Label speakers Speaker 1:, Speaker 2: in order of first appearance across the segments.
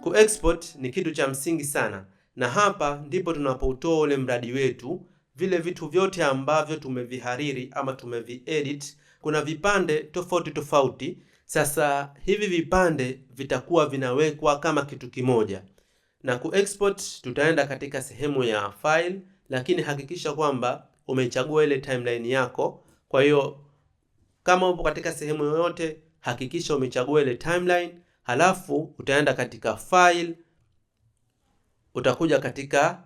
Speaker 1: Kuexport ni kitu cha msingi sana, na hapa ndipo tunapoutoa ule mradi wetu, vile vitu vyote ambavyo tumevihariri ama tumeviedit. Kuna vipande tofauti tofauti. Sasa hivi vipande vitakuwa vinawekwa kama kitu kimoja, na kuexport tutaenda katika sehemu ya file, lakini hakikisha kwamba umechagua ile timeline yako. Kwa hiyo kama upo katika sehemu yoyote, hakikisha umechagua ile timeline halafu utaenda katika file, utakuja katika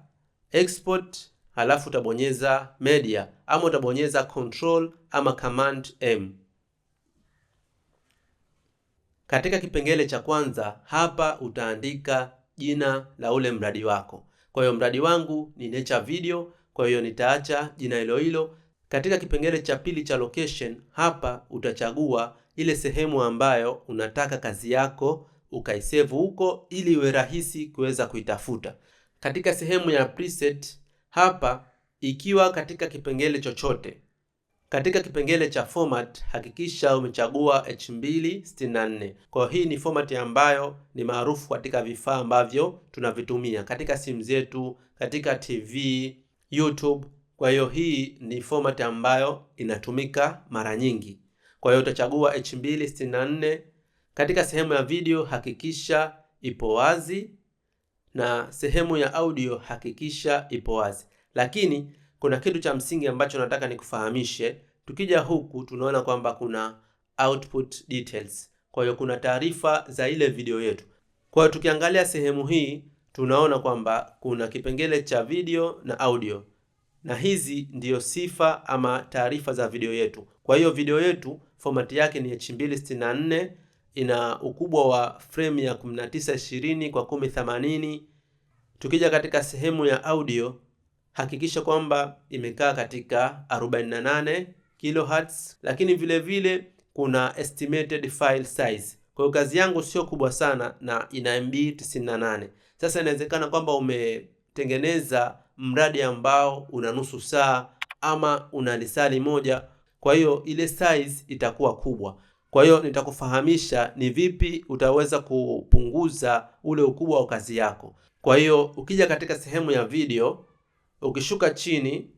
Speaker 1: export, halafu utabonyeza media ama utabonyeza control ama command M. Katika kipengele cha kwanza hapa utaandika jina la ule mradi wako. Kwa hiyo mradi wangu ni Nature Video, kwa hiyo nitaacha jina hilo hilo. Katika kipengele cha pili cha location hapa utachagua ile sehemu ambayo unataka kazi yako ukaisevu huko ili iwe rahisi kuweza kuitafuta. Katika sehemu ya preset hapa, ikiwa katika kipengele chochote, katika kipengele cha format hakikisha umechagua H264. Kwa hii ni format ambayo ni maarufu katika vifaa ambavyo tunavitumia katika simu zetu, katika TV, YouTube. Kwa hiyo hii ni format ambayo inatumika mara nyingi. Kwa hiyo utachagua H264. Katika sehemu ya video hakikisha ipo wazi na sehemu ya audio hakikisha ipo wazi. Lakini kuna kitu cha msingi ambacho nataka nikufahamishe. Tukija huku tunaona kwamba kuna output details. Kwa hiyo kuna taarifa za ile video yetu. Kwa hiyo tukiangalia sehemu hii tunaona kwamba kuna kipengele cha video na audio na hizi ndiyo sifa ama taarifa za video yetu. Kwa hiyo video yetu format yake ni H264 ina ukubwa wa frame ya 1920 kwa 1080. Tukija katika sehemu ya audio, hakikisha kwamba imekaa katika 48 kilohertz, lakini vile vile kuna estimated file size. Kwa hiyo kazi yangu sio kubwa sana na ina MB 98. Sasa inawezekana kwamba umetengeneza mradi ambao una nusu saa ama una lisali moja, kwa hiyo ile size itakuwa kubwa. Kwa hiyo nitakufahamisha ni vipi utaweza kupunguza ule ukubwa wa kazi yako. Kwa hiyo ukija katika sehemu ya video, ukishuka chini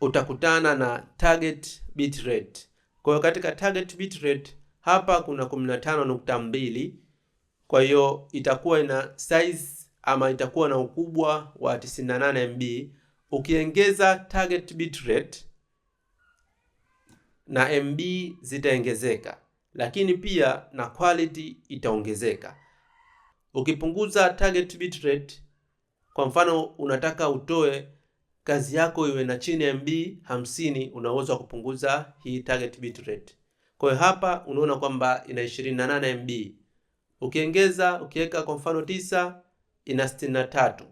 Speaker 1: utakutana na target bitrate. Kwa hiyo katika target bitrate hapa kuna 15.2 kwa hiyo itakuwa ina size ama itakuwa na ukubwa wa 98 MB. Ukiongeza target bitrate na MB zitaongezeka, lakini pia na quality itaongezeka. Ukipunguza target bitrate, kwa mfano unataka utoe kazi yako iwe na chini ya MB 50, unaweza kupunguza hii target bitrate. Kwa hiyo hapa unaona kwamba ina 28 MB. Ukiongeza ukiweka kwa mfano ina sitini tatu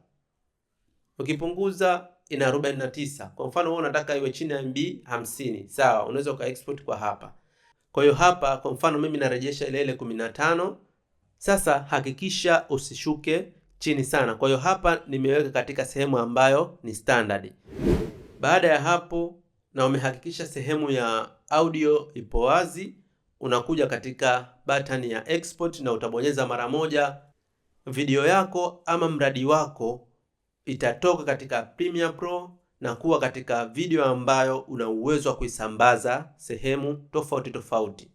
Speaker 1: ukipunguza ina arobaini tisa. Kwa mfano wewe unataka iwe chini ya MB hamsini, sawa, unaweza uka export kwa hapa. Kwa hiyo hapa kwa mfano mimi narejesha ile ile 15. Sasa hakikisha usishuke chini sana. Kwa hiyo hapa nimeweka katika sehemu ambayo ni standard. Baada ya hapo na umehakikisha sehemu ya audio ipo wazi, unakuja katika button ya export na utabonyeza mara moja video yako ama mradi wako itatoka katika Premiere Pro na kuwa katika video ambayo una uwezo wa kuisambaza sehemu tofauti tofauti.